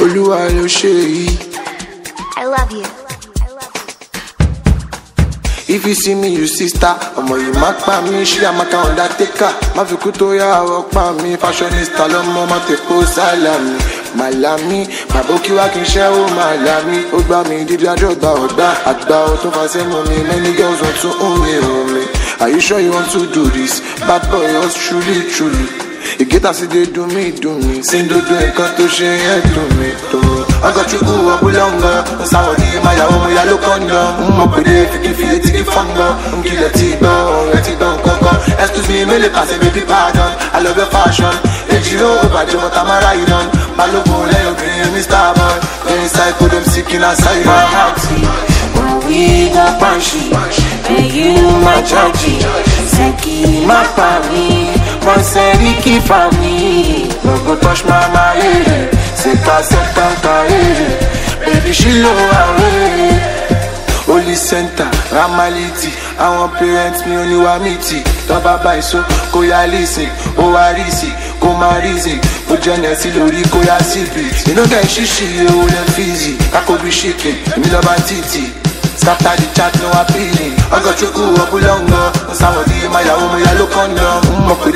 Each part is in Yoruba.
Olúwa ló ṣe I love you. If you see me, you sister, ọmọ yìí má pa mí, ṣé àmàkà undertaker? walk by me. tó yá àwọ̀ pa mí, fashionista love má ti kó sálà mi. Màlámí, bàbá kí wá kí n ṣẹ́ ó màlámí. Ó gbá mi dídí àjọgbà ọ̀gbá, àgbà ó tó fa sẹ́mu mi, many girls want to own me, own me. Are you sure you want to do this? Bad boy, yours truly, truly. ìgéta sì dé dùn mí dùn mí sí dúdú nǹkan tó ṣe yẹn dùn mí tó. ọgọ́chukwu ọbúlọ́ngọ sáwọ́dí mayàwó mo yà ló kọ́ńdọ̀ ń mọ̀ pé dé fìkì fi etí kí fọ́ńdọ̀ ń kílẹ̀ tí gbọ́ ọ̀rẹ́ ti gbọ́ kọ́kọ́ excuse me mélòó kan ṣe baby pardon I love your fashion èjì ó bàjẹ́ mọ́ta mara ìdán balógun lẹ́yìn obìnrin Mr. Boy lẹ́yìn sáìkó dem sí kí náà sáì máa hà tì. We got banshee, Seki, my one say the key for me. No go touch my mind. C'est pas cette Baby, she low away. Holy center, Ramaliti. want parents mi ò ní wá mi tì. Tọ́ba bá èso kó yá lísìn. Ó wá rísìn kó má rísìn. Mo jẹ́nà lórí kó yá síbi. Iná dẹ̀ ṣíṣì ewu lẹ fíìsì. Kákòbí ṣìkì, èmi lọ́ba títì. Scatter the chat, no appealing. I got you cool, I belong, no. Someone, my, I my, I look on, no.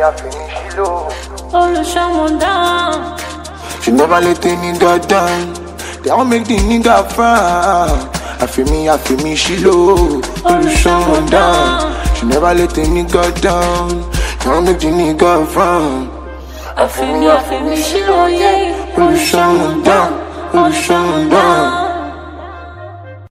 Olùṣọ́mọdán. She never let a nigga down. They all make the nigga frown. me, I feel me, She low. Oh, she never let a nigga down. They all make the nigga frown. Àfẹ́mi àfẹ́mi ṣílò yẹ Olùṣọ́mọdán down.